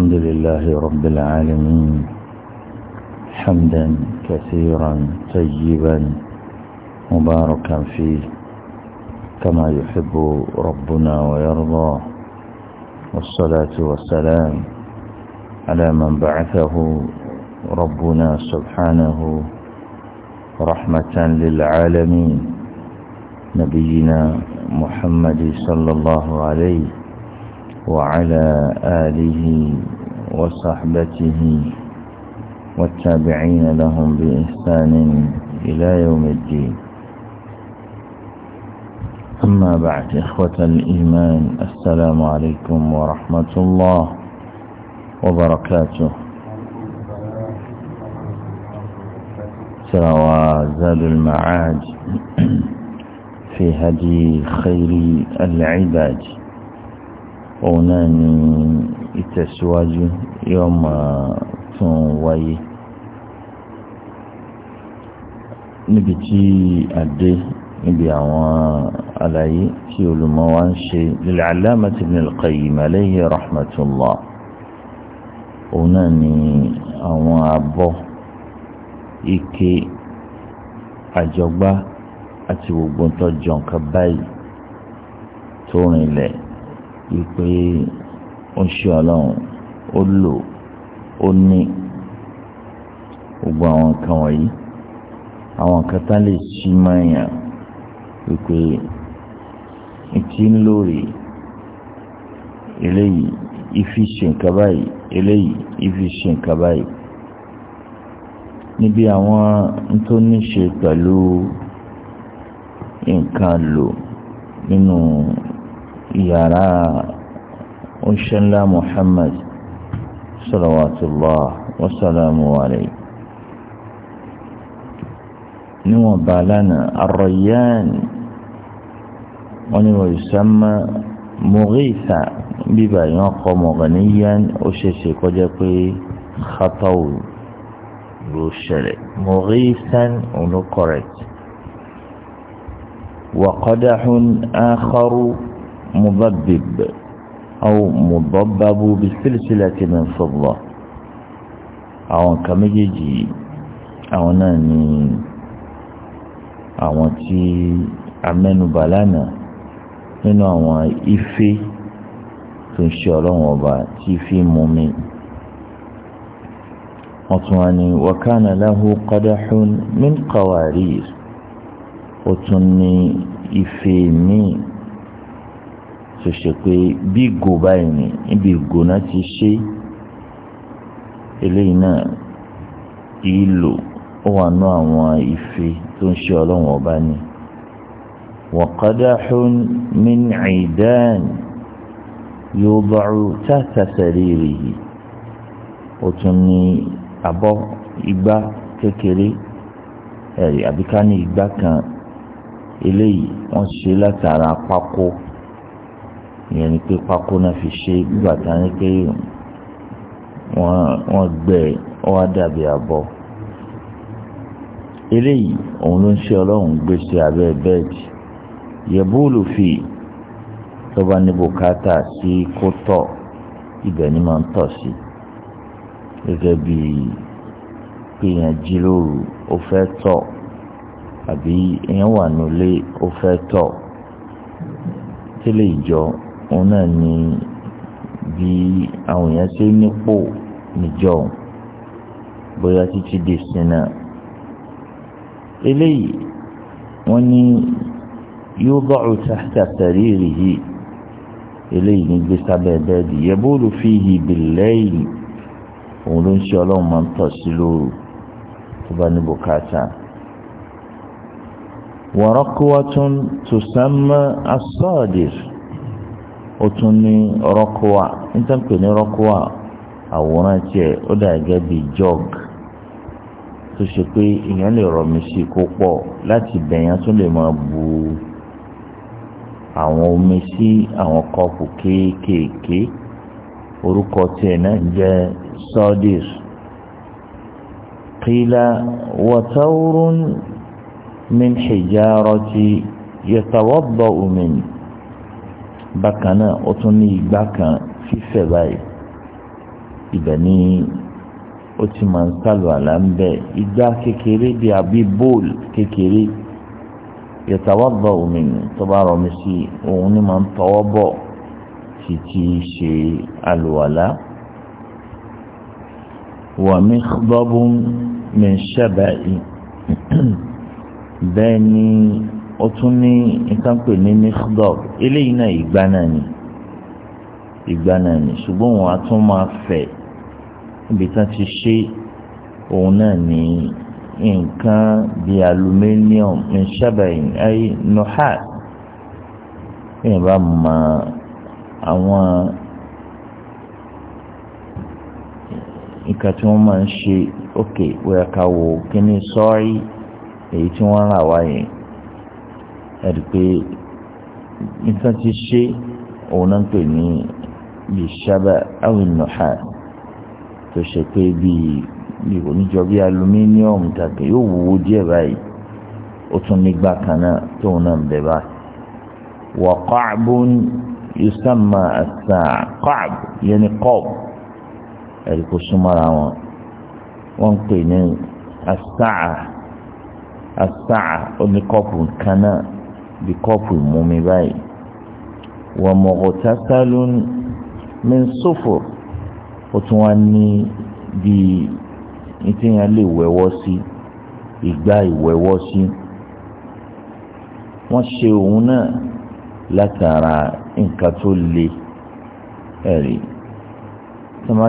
الحمد لله رب العالمين حمدا كثيرا طيبا مباركا فيه كما يحب ربنا ويرضى والصلاة والسلام على من بعثه ربنا سبحانه رحمة للعالمين نبينا محمد صلى الله عليه وعلى آله وصحبته والتابعين لهم بإحسان إلى يوم الدين أما بعد إخوة الإيمان السلام عليكم ورحمة الله وبركاته سوى زاد المعاد في هدي خير العباد òun náà ni ìtẹ̀síwájú yóò máa tún wáyé níbi tí àdé níbi àwọn àlàyé tí olùmọ̀ wa ń ṣe lil-allamah ibn al-Qayyim alayhi òun náà ni àwọn abọ́ ike àjọgbá àti gbogbo ń tọ́jọ nǹkan báyìí tó rìnlẹ̀ wípé ó ṣe ọlọ́run ó lò ó ní gbogbo àwọn nǹkan wọ̀nyí àwọn nǹkan tá lè ṣí máa yàn wípé ìtí ń lórí eléyìí ìfi ṣe nǹkan báyìí eléyìí ìfi ṣe nǹkan báyìí níbi àwọn tó ní ṣe pẹ̀lú nǹkan lò nínú yàrá oṣanlá Muhammad salawatullah wasalamu alayhi níwọ̀n bàlánà arọ̀yán wọ́n ní wọ́n sàmà mọ̀gẹ́sà bíbá yìí wọ́n kọ́ mọ̀gàníyàn ó ṣeéṣe kọjá pé xatawu ló ṣẹlẹ̀ mọ̀gẹ́sàn òun ló correct wàkọ́dáhùn مضبب أو مضبب بسلسلة من فضة àwọn nǹkan méjèèjì àwọn náà ni àwọn tí amẹ́nubà lánàá nínú àwọn ife tó ń ṣe ọlọ́run ọba tí fi mú mi wọ́n tún wá ní wakana lahu qadahun min qawarir ó tún ní ife míì tó ṣe pé bí ìgò báyìí ni níbi ìgò náà ti ṣe eléyìí náà ìlò ó wà nú àwọn ife tó ń ṣe ọlọ́run ọba ni waqadahun min idan yuda'u tahta saririhi ó tún ní abọ́ igbá kékeré ẹ̀rí àbíká ní igbá kan eléyìí wọ́n ìyẹn ni pé pákó náà fi ṣe nígbà tá a ní pé wọ́n gbẹ ọ wá dàbí àbọ̀ eléyìí òun ló ń ṣe ọlọ́run gbèsè abẹ́ bẹ́ẹ̀dì yẹ̀bùlù fi tọ́ba ní bùkátà sí kó tọ̀ ibẹ̀ ni máa ń tọ̀ sí gẹ́gẹ́ bí kéèyàn jí lóru ó fẹ́ tọ̀ àbí èèyàn wà nílé ó fẹ́ tọ̀ tẹ́lẹ̀ ìjọ òun náà ni bí àwọn èèyàn ṣe nípò níjọ bóyá títí di sinna eléyìí wọ́n ní yóò bá tahta saririhi eléyìí ní gbé sábẹ́ bẹ́ẹ̀dì yabulu fihi billayl òun ló ń ṣe ọlọ́run máa ń tọ̀ sí lóru tó bá ní bùkátà. wa raqwatun tusamma as-sadir. otu ni rockwaar intanpere ni rockwaar aworan ti e o daige bi jog to se pe inyere rọ misi si pupo lati danya to le ma bu awon omi si awon kọpụ keekee orukọ ti ena nje sọọdụ kila wata uru min se jarọ ti yeta wọbọ omen bákan náà ó tún ní igbá kan fífẹ̀ báyìí ibẹ̀ ní ó ti máa ń sálù àlá ń bẹ̀ igbá kékeré bíi àbí bóòl kékeré yẹtàwọ́gbọ̀ omi tó bá rọ̀ mí sí òun ni máa ń tọwọ́ bọ̀ títí ṣe àlùwàlá wà mí gbọ́bùn mi ṣẹ̀bẹ̀ yìí bẹ́ẹ̀ ni ó tún ní nǹkan pè ní mikhdor eléyìí náà ìgbà náà ni ìgbà náà ni ṣùgbọ́n wọn á tún máa fẹ̀ níbi tí wọ́n ti ṣe òun náà ní nǹkan bíi aluminium nṣàbàyìn ayé nohat bí bá mọ àwọn nǹkan tí wọ́n máa ń ṣe ókè wọ́n wo kíní sọ́ọ́rí èyí tí wọ́n rà wá ẹ̀rí pé nǹkan ti ṣe òun náà ń pè ní bíi ṣábà awin nọ̀ha tó ṣe pé bíi bíi oníjọ bíi alumíníọ̀mù tàbí yóò wúwo díẹ̀ báyìí ó tún nígbà kan náà tóun náà ń bẹ báyìí. wà kọ́àbù yusamma as-sa'a kọ́àbù kọ́ọ̀bù ẹ̀rí kó súnmọ́ra wọn wọ́n ń pè ní as-sa'a oníkọ́ọ̀bù kan náà. Bi kọ́ọ̀pù ìmumi báyìí wọ́n mọ̀gòtá sálún mi ń sòfò ó tún wá ní bí ìtìyàn lè wẹ̀wọ́ sí ìgbà ìwẹ̀wọ́ sí wọ́n ṣe òun náà látara nǹkan tó le ẹ̀rí tọ́mọ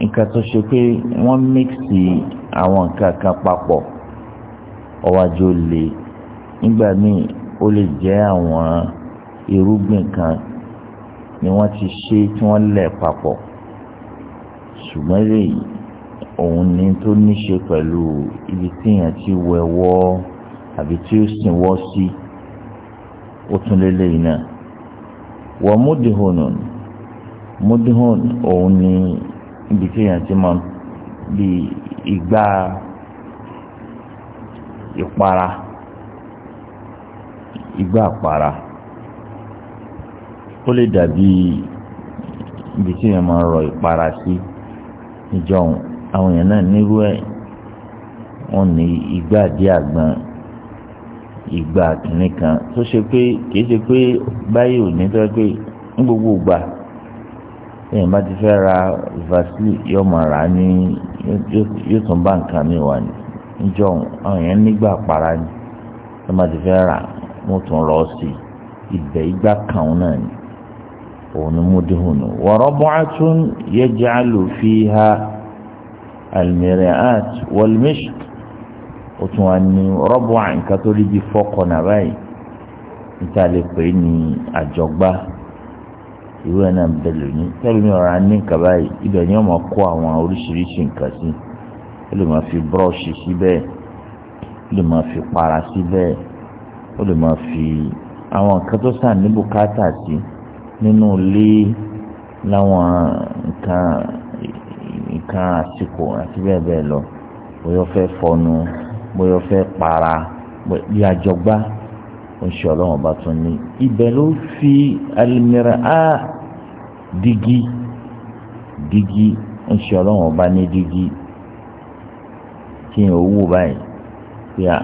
nǹkan tó ṣe pé wọ́n mixi àwọn nǹkan kan papọ̀ ọwájú le nígbà míì ó lè jẹ́ àwọn irúgbìn kan ni wọ́n ti ṣe tí wọ́n lẹ̀ papọ̀ ṣùgbọ́n eléyìí òun ni tó ní ṣe pẹ̀lú ibi tí èèyàn ti wẹ̀ wọ́ àbí tí ó sìn wọ́ sí ó tún lélẹ́yìí náà wọ́n múdìhónù múdìhónù òun ni ibi tí èèyàn ti máa bí igbá ìpara. E igbá àpárá ó lè dàbí ibi tí èèyàn máa rọ ìpara sí àwọn èèyàn náà nírú ẹ̀ wọ́n ní igbá àdí àgbọn ìgbà kìnnì kan tó ṣe pé kìí ṣe pé báyìí ò ní fẹ́ pé gbogbo ìgbà èèyàn bá ti fẹ́ ra vaseline yóò rà á ní tún bá nǹkan mi wà níjọ́un àwọn èèyàn nígbà àpárá ni wọ́n bá ti fẹ́ rà á. wọ́n tún rọ̀ sí ibẹ̀ igbá kan náà ni òun ni mudihunu wa rab'atun yaj'alu fiha almir'at walmishk ó tún wá ní rọ́bù àǹkà tó rí bí fọ́kọ̀ náà báyìí níta lè pè é ní àjọgbá ìwé náà ń bẹ lónìí tẹ́lẹ̀ ọ̀rọ̀ ní báyìí ibẹ̀ ni wọ́n máa kó àwọn oríṣiríṣi nǹkan sí ó lè máa fi búrọ́ọ̀ṣì síbẹ̀ ó lè máa fi para síbẹ̀ ó lè máa fi àwọn nǹkan tó sàn ní bùkátà sí nínú ilé láwọn nǹkan nǹkan àsìkò àti bẹ́ẹ̀ bẹ́ẹ̀ lọ bóyá ó fẹ́ fọnu bóyá ó fẹ́ para bí àjọgbá oṣù ọlọ́run ọba tún ní ibẹ̀ ló fi alimira á dígí digi oṣù ọlọ́run ọba ní dígí kí n ò báyìí bí a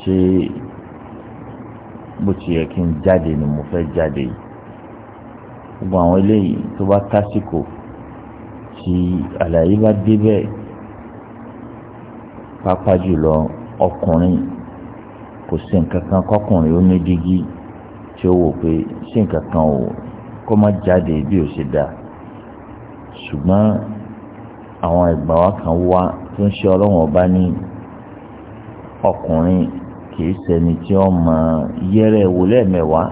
ṣe bó ti yẹ kí n jáde ni mo fẹ́ jáde yìí gbogbo àwọn eléyìí tó bá tásìkò tí àlàyé bá débẹ̀ pápá jùlọ ọkùnrin kò sí nǹkan kan kọkùnrin ó ní dígí tí ó wò pé sí nǹkan kan ò kó má jáde bí ó ṣe dáa ṣùgbọ́n àwọn ìgbà wa kan wá tó ń ṣe ọlọ́wọ́n ọba ní ọkùnrin kìí ṣẹni tí ó mọ yẹrẹ wò lẹ́ẹ̀mẹwàá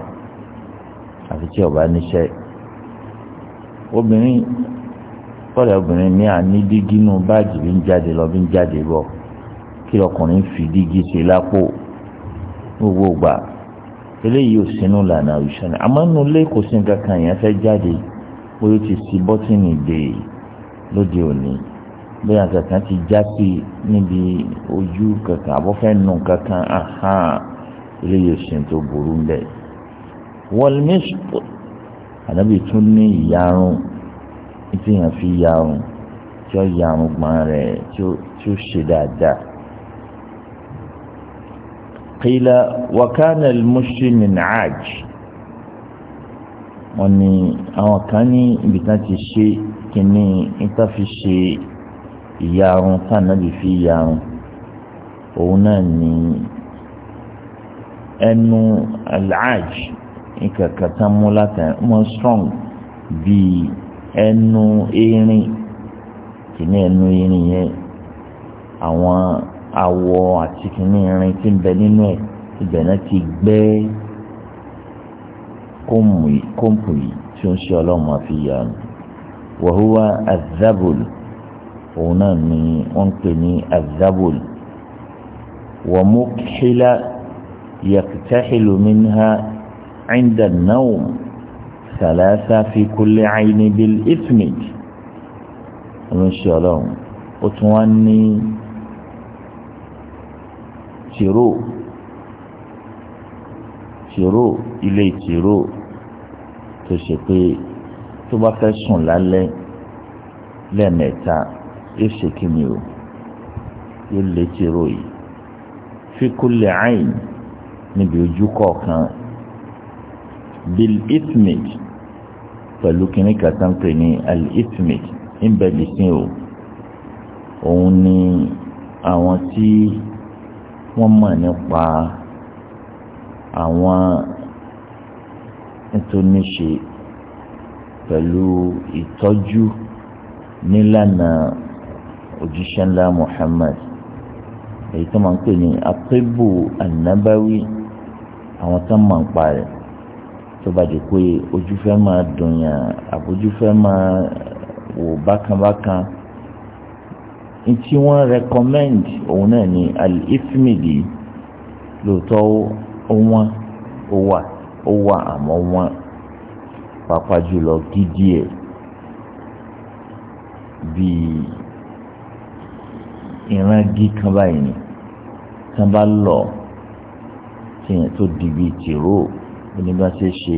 àfi tí ọba níṣẹ́ obìnrin kọ́lẹ̀ obìnrin ní àní dígí nù báàgì bí ń jáde lọ bí ń jáde bọ̀ kí ọkùnrin fi dígí ṣe lápò gbogbo gbà eléyìí ò sínú lànà ìṣẹ̀lẹ̀ àmọ́ nínú ilé kò sí nǹkan kan yẹn fẹ́ jáde bóyá ó ti sí bọ́tìnì dè lóde òní bóyá kankan ti já sí níbi ojú kankan àbọ̀fẹ́ nù kankan ahán eléyìí òsìn tó burú ń bẹ̀. wọ́lmísù ànábì tún ní ìyarun tí yẹn fi yarun tí ó yarun gbọ́n rẹ̀ tí ó ṣe dáadáa. qila wa kana al-mushi min aaj àwọn kan ní ibi tí wọ́n ti ṣe kínní níta fi ṣe ìyarun tànàbí fi yarun òun náà ní ẹnu alhaj nkankan tán mú látàn mọ́ strong bíi ẹnu erin kìíní ẹnu erin yẹn àwọn awọ àti kìíní erin tí ń bẹ nínú ẹ̀ ibẹ̀ náà ti gbẹ́ kóńpù yìí tí ó ń ṣe ọlọ́run àfi yanu wàhúwa azabul òun náà ni wọ́n ń pè ní azabul wa mukhila yaktahilu minha inda an-nawm thalatha fi kulli ayni bil ismi oníṣẹ́ ọlọ́run ó tún wá ní tìró tìró ilé tìró tó ṣe pé tó bá fẹ́ sùn lálẹ́ lẹ́ẹ̀mẹ́ta yóò ṣe kí ni o yóò lé tìró yìí fi kulli ayn níbi ojú kọ̀ọ̀kan bil ismid pẹ̀lú kìnnì kàtàn pé ní al ismid ńbẹ̀ lìsín o òun ni àwọn tí wọ́n mọ̀ nípa àwọn tó ní pẹ̀lú ìtọ́jú nílànà òjíṣẹ́ ńlá Muhammad èyí tó máa ń pè ní atébù ànábáwí àwọn tó máa ń pa rẹ̀ tó bá jẹ́ pé ojú fẹ́ máa dùnyàn àbójú fẹ́ máa wò bákanbákan ntí wọ́n recommend òun náà ni al lóòótọ́ wọn ó wà àmọ́ wọn pàápàá jùlọ gidi ẹ̀ bíi ìran gí kan báyìí ni tí wọ́n bá lọ kéèyàn tó dìbì tìró onígbàṣẹ́ ṣe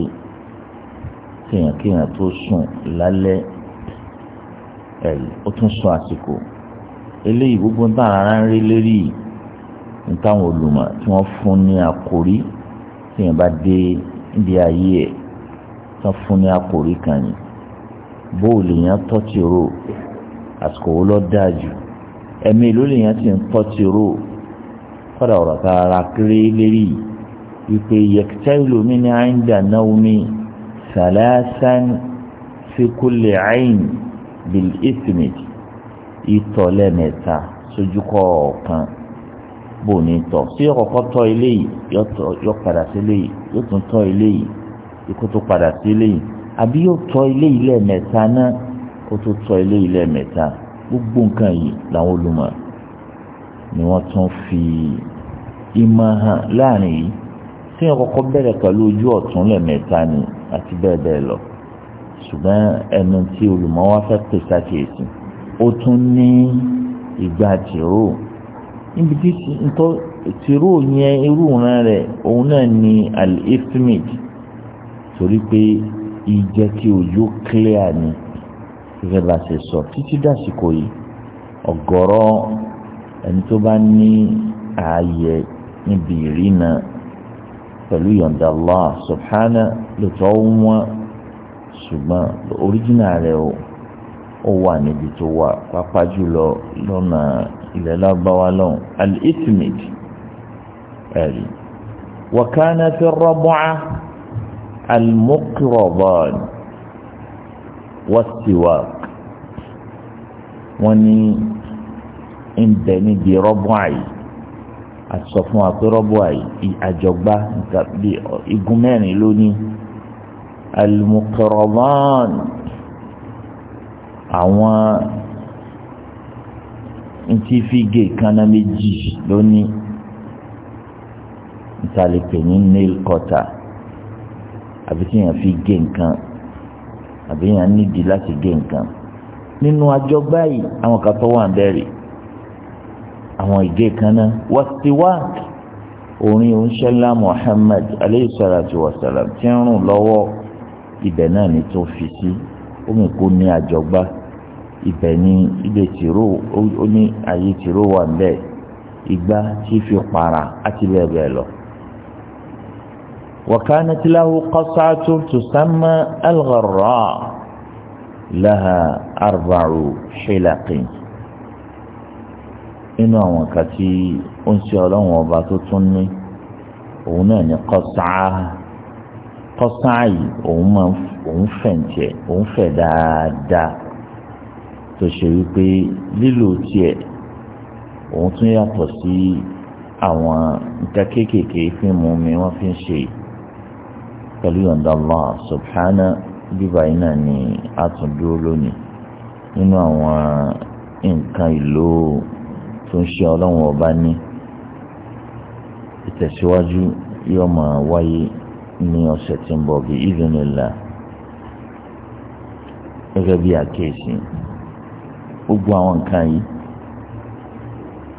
kéèyàn kéèyàn tó sùn lálẹ́ ẹ̀ ó tún sọ àsìkò eléyìí gbogbo ń tàn ara ń rí lérí ní táwọn olùmọ̀ tí wọ́n fún ní àkórí téèyàn bá dé ibi ayé ẹ̀ tí wọ́n fún ní àkórí kan yìí bóòlù yẹn tọ́ tìró àsìkò wo ló dáa jù ẹ̀mí ìlú lèèyàn ti ń tọ́ ti ró kọ́dà ọ̀rọ̀ tá a ra kéré lérí ìpè yẹ̀kítẹ́rìlù mi ní àyíǹda náà mi sàlẹ́sán fi kulli àyìn bil ismid ìtọ̀ lẹ́mẹ̀ta sójú kọ̀ọ̀kan bò ní tọ̀ sí ọ̀kọ̀kọ́ tọ́ ilé yìí yọ padà sí ilé yìí yóò tún tọ́ ilé yìí ikú tó padà sí ilé yìí àbí yóò tọ́ ilé yìí lẹ́mẹ̀ta náà ó tún tọ́ ilé yìí lẹ́mẹ̀ta gbogbo nǹkan yìí làwọn olùmọ̀ ni wọ́n tún fi ìmọ̀ hàn láàrin yìí tí wọ́n kọ́kọ́ bẹ̀rẹ̀ pẹ̀lú ojú ọ̀tún lẹ́ẹ̀mẹ́ta ni àti bẹ́ẹ̀ bẹ́ẹ̀ lọ ṣùgbọ́n ẹnu tí olùmọ̀ wá fẹ́ pèsè àkíyèsí ó tún ní ìgbà tìró níbi tí ntọ́ tìró yẹn irú ìran rẹ̀ òun náà ni al-ismid torí pé ìjẹ́ kí ojú clear ni gẹ́gẹ́ bá ṣe sọ títí dàsìkò yìí ọ̀gọ̀rọ̀ ẹni tó bá ní ààyè níbi ìrìnà pẹ̀lú yọ̀ǹda Allah subhana lóòótọ́ wọn ṣùgbọ́n oríjìnà rẹ̀ o ó wà níbi tó wà pápá jùlọ lọ́nà ilẹ̀ lábáwá lọ́hùn al-ithmid ẹ̀rí wàkánà fi rọ́bọ́à al wọ́síwá wọ́n ní ń bẹ níbi rọ́bùn àyè àsọ fún wa pé rọ́bùn àyè àjọgbá igun mẹ́rin lónìí al-muqarraban àwọn ntí fi gé kaná méjì lónìí ntalẹ̀pẹ̀ ní nail cutter àbí tí yẹn fi gé nǹkan àbí yàn nídìí láti gé nǹkan nínú àjọgbá yìí àwọn kan tó wà ń bẹ̀rẹ̀ àwọn ìgé kan náà wàsíwáàkì orin oníṣẹ́lá Muhammad aleyhi salatu wa salam ti ń rùn lọ́wọ́ ibẹ̀ náà ni tó fi sí omi kò ní àjọgbá ibẹ̀ ni ibẹ̀ tìró ó ní àyè tìró wà ń bẹ̀ igbá tí fi para àti bẹ́ẹ̀ bẹ́ẹ̀ lọ. وكانت له قصعة تسمى الغراء لها أربع حلق inú àwọn kan tí ó ń ṣe ọlọ́run ọba tó tún ní òun náà ní kọ́sáà kọ́sáà yìí òun máa òun fẹ̀ǹtẹ̀ òun fẹ̀ dáadáa tó ṣe wípé lílò tiẹ̀ òun tún yàtọ̀ sí àwọn nǹkan kéékèèké fíìmù mi wọ́n fi ń ṣe yìí pẹ̀lú yọ̀ǹda Allah subhana bíbá iná ni a tún dúró lónìí nínú àwọn nǹkan ìlò tó ń ṣe ọlọ́run ọba ní ìtẹ̀síwájú yóò máa wáyé ní ọ̀sẹ̀ tí ń bọ̀ bí ìdúnnìlá gẹ́gẹ́ bí àkéèsì gbogbo àwọn nǹkan yìí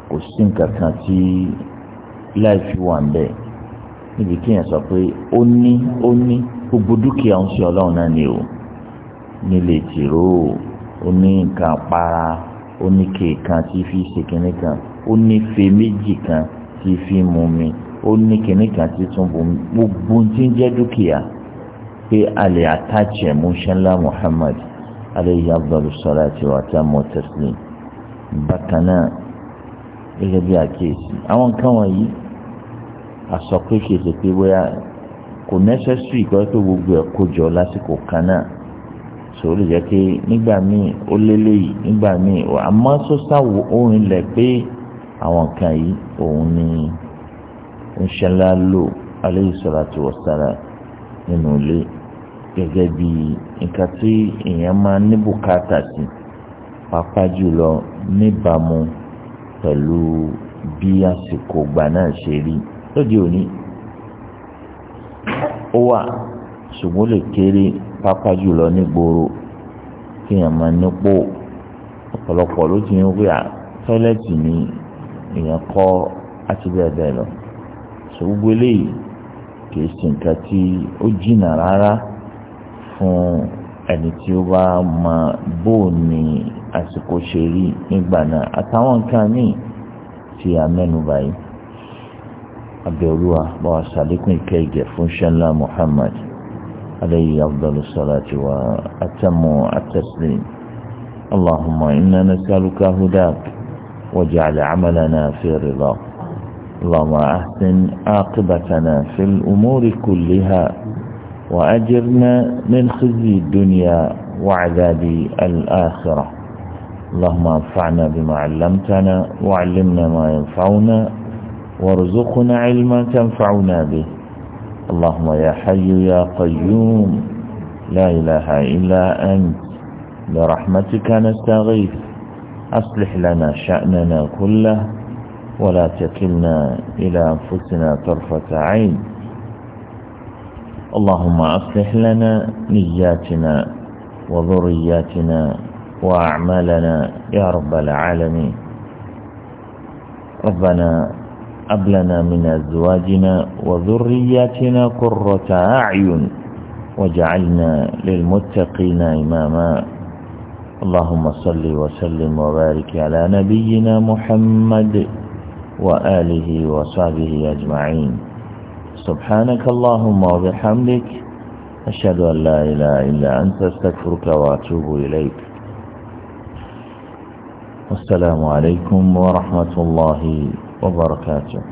kò sí nǹkan kan tí láìfi wà ń bẹ́ẹ̀ níbi kí yẹn sọ pé ó ní ó ní gbogbo dúkìá ń ṣe ọlọ́run náà ni o nílé tìró ó ní nǹkan para ó ní kéèkan tí fi ṣe kinní kan ó ní fe méjì kan tí fi mú mi ó ní kinní kan tí tún bù mí gbogbo tí ń jẹ́ dúkìá pé alẹ́ àtàjẹ́ mọ́ṣálá Muhammad aleyhi abdul salati wa tamu taslim bákan náà gẹ́gẹ́ bí àkíyèsí àwọn nǹkan wọ̀nyí àsọ pé kì í ṣe pé bóyá kò nẹ́sẹ̀sì kọ́ pé gbogbo ẹ̀ kójọ lásìkò kan náà sòrò lè jẹ́ pé nígbà míì ó lélẹ̀ yìí nígbà míì àmọ́ sọ́sà wo orin lẹ̀ pé àwọn kan yìí òun ni ń ṣẹlá lò alayhi salatu wassalam nínú ilé gẹ́gẹ́ bí nǹkan tí èèyàn máa ní bùkátà sí pàápàá jùlọ níbàámu pẹ̀lú bí àsìkò gbà náà ṣe rí lóde òní ó wà ṣùgbọ́n lè kéré pápá jùlọ nígboro kí èèyàn máa nípò ọ̀pọ̀lọpọ̀ ló ti ń wí à tọ́lẹ́tì ni èèyàn kọ́ àti bẹ́ẹ̀ bẹ́ẹ̀ lọ ṣùgbọ́n eléyìí kìí ṣe nǹkan tí ó jìnnà rárá fún ẹni tí ó bá mọ bóò ní àsìkò ṣe rí nígbà náà àtàwọn nǹkan míì tí a báyìí. abẹ́olúwa bá wa sàlékún ìkẹ́gẹ̀ fún ṣẹ́lá Muhammad alayhi afdalu salati wa atamu ataslim allahumma inna nasaluka hudak waj'al amalana fi ridak اللهم أحسن عاقبتنا في الأمور كلها وأجرنا من خزي الدنيا وعذاب الآخرة اللهم انفعنا بما علمتنا وعلمنا ما ينفعنا وارزقنا علما تنفعنا به اللهم يا حي يا قيوم لا إله إلا أنت برحمتك نستغيث أصلح لنا شأننا كله ولا تكلنا إلى أنفسنا طرفة عين اللهم أصلح لنا نياتنا وذرياتنا وأعمالنا يا رب العالمين ربنا هب لنا من أزواجنا وذرياتنا قرة أعين وجعلنا للمتقين إماما اللهم صل وسلم وبارك على نبينا محمد وآله وصحبه أجمعين سبحانك اللهم وبحمدك أشهد أن لا إله إلا أنت استغفرك وأتوب إليك والسلام عليكم ورحمة الله وبركاته